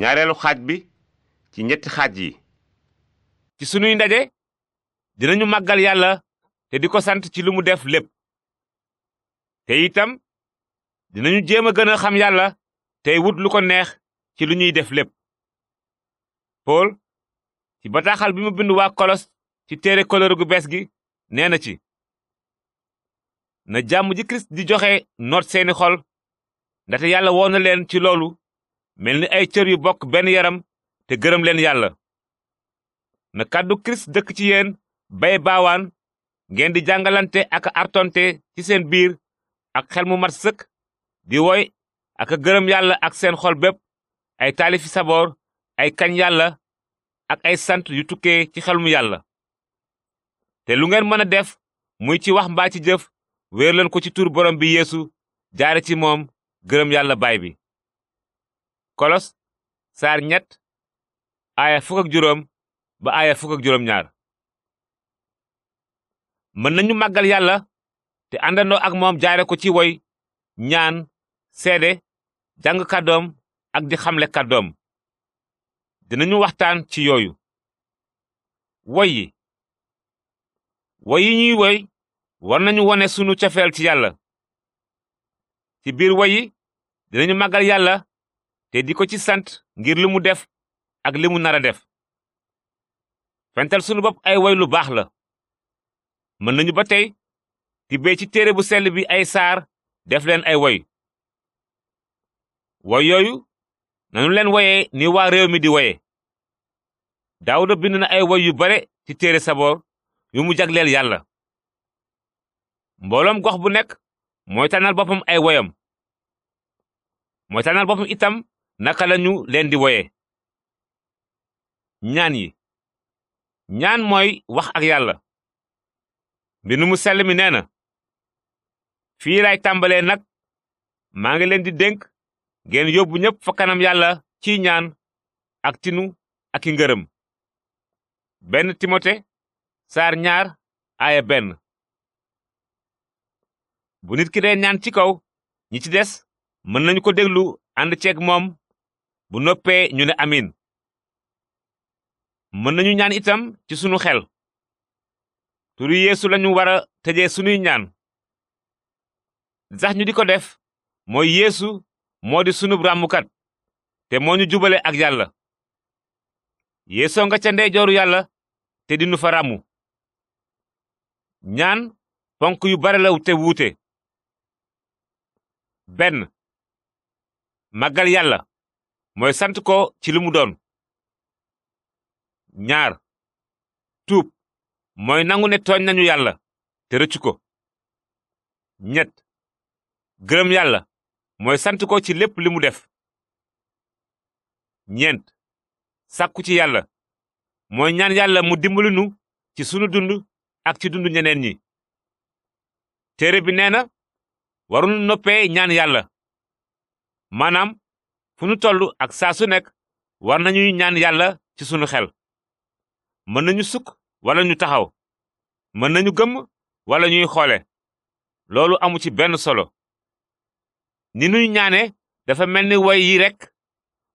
ñaareelu xaaj bi ci ñetti xaaj yi ci sunuy ndaje dinañu màggal yàlla te di ko sant ci lu mu def lépp te itam dinañu jéem a gën a xam yàlla tey wut lu ko neex ci lu ñuy def lépp Pool ci bataaxal bi mu bind waa Kolos ci téere kóllëre gu bees gi nee na ci na jàmm ji Kirist di joxe noot seeni xol ndaxte yàlla woo na leen ci loolu mel ni ay cër yu bokk benn yaram te gërëm leen yàlla na kàddu kirist dëkk ci yéen bay baawaan ngeen di jàngalante ak artonte ci seen biir ak xel mu mat sëkk di woy ak gërëm yàlla ak seen xol bépp ay taalifi saboor ay kañ yàlla ak ay sant yu tukkee ci xel mu yàlla te lu ngeen mën a def muy ci wax mbaa ci jëf wéer leen ko ci tur borom bi yéesu jaare ci moom gërëm yàlla baay bi kolos saar ñett aaya fukk ak juróom ba aaya fukk ak juróom ñaar mën nañu màggal yàlla te àndandoo ak moom jaare ko ci woy ñaan seede jàng kàddoom ak di xamle kàddoom dinañu waxtaan ci yooyu woy yi ñuy woy war nañu wone sunu cofeel ci yàlla ci biir woy yi dinañu màggal yàlla te di ko ci sant ngir li mu def ak li mu nar a def fental sunu bopp ay woy lu baax la mën nañu ba tey tibbee ci téere bu sell bi ay saar def leen ay woy woy yooyu nanu leen woyee ni waa réew mi di woye daawuda bind na ay woy yu bare ci téere saboor yu mu jagleel yàlla mbooloom gox bu nekk mooy tànnal boppam ay woyam mooy tànnal itam naka lañu leen di woye ñaan yi ñaan mooy wax ak yàlla mbind mu sell mi nee na fii laay tàmbalee nag maa ngi leen di dénk ngeen yóbbu ñépp fa yàlla ci ñaan ak tinu ak i ngërëm benn timote saar ñaar aaya benn bu nit ki dee ñaan ci kaw ñi ci des mën nañu ko déglu ànd ceeg moom bu noppee ñu ne amiin mën nañu ñaan itam ci sunu xel turu yéesu lañu war a tëjee sunuy ñaan sax ñu di ko def mooy yeesu moo di sunu ràmmukat te moo ñu jubale ak yàlla yeesoo nga ca ndeyjooru yàlla te di nu fa ñaan ponk yu bare la te wuute benn màggal yàlla mooy sant ko ci li mu doon. ñaar tuub mooy nangu ne tooñ nañu yàlla te rëccu ko. ñett gërëm yàlla mooy sant ko ci lépp li mu def. ñeent sàkku ci yàlla mooy ñaan yàlla mu dimbali nu ci sunu dund ak ci dund ñeneen ñi. téere bi nee na waruñu noppee ñaan yàlla maanaam fu nu toll ak saa su nekk war nañuy ñaan yàlla ci sunu xel mën nañu sukk walla ñu taxaw mën nañu gëmm walla ñuy xoole loolu amu ci benn solo ni nuy ñaane dafa mel ni woy yi rekk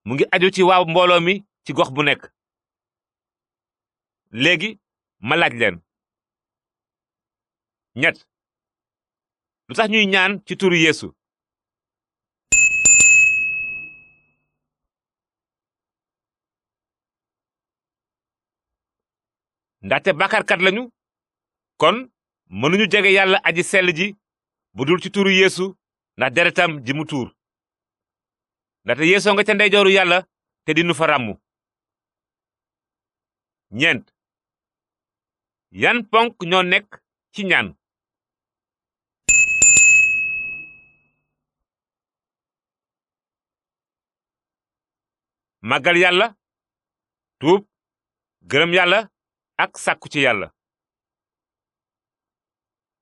mu ngi aju ci waaw mbooloo mi ci gox bu nekk léegi ma laaj leen ñett lu tax ñuy ñaan ci turu yeesu ndaxte bàkkaarkat lañu kon mënuñu jege yàlla aji sell ji bu dul ci tuuru yeesu ndax deretam ji mu tuur ndaxte yeesoo nga ca ndeyjooru yàlla te dinu fa ràmmu ñeent yan ponk ñoo nekk ci ñaan màggal yàlla tuub gërëm yàlla ak sàkku ci yàlla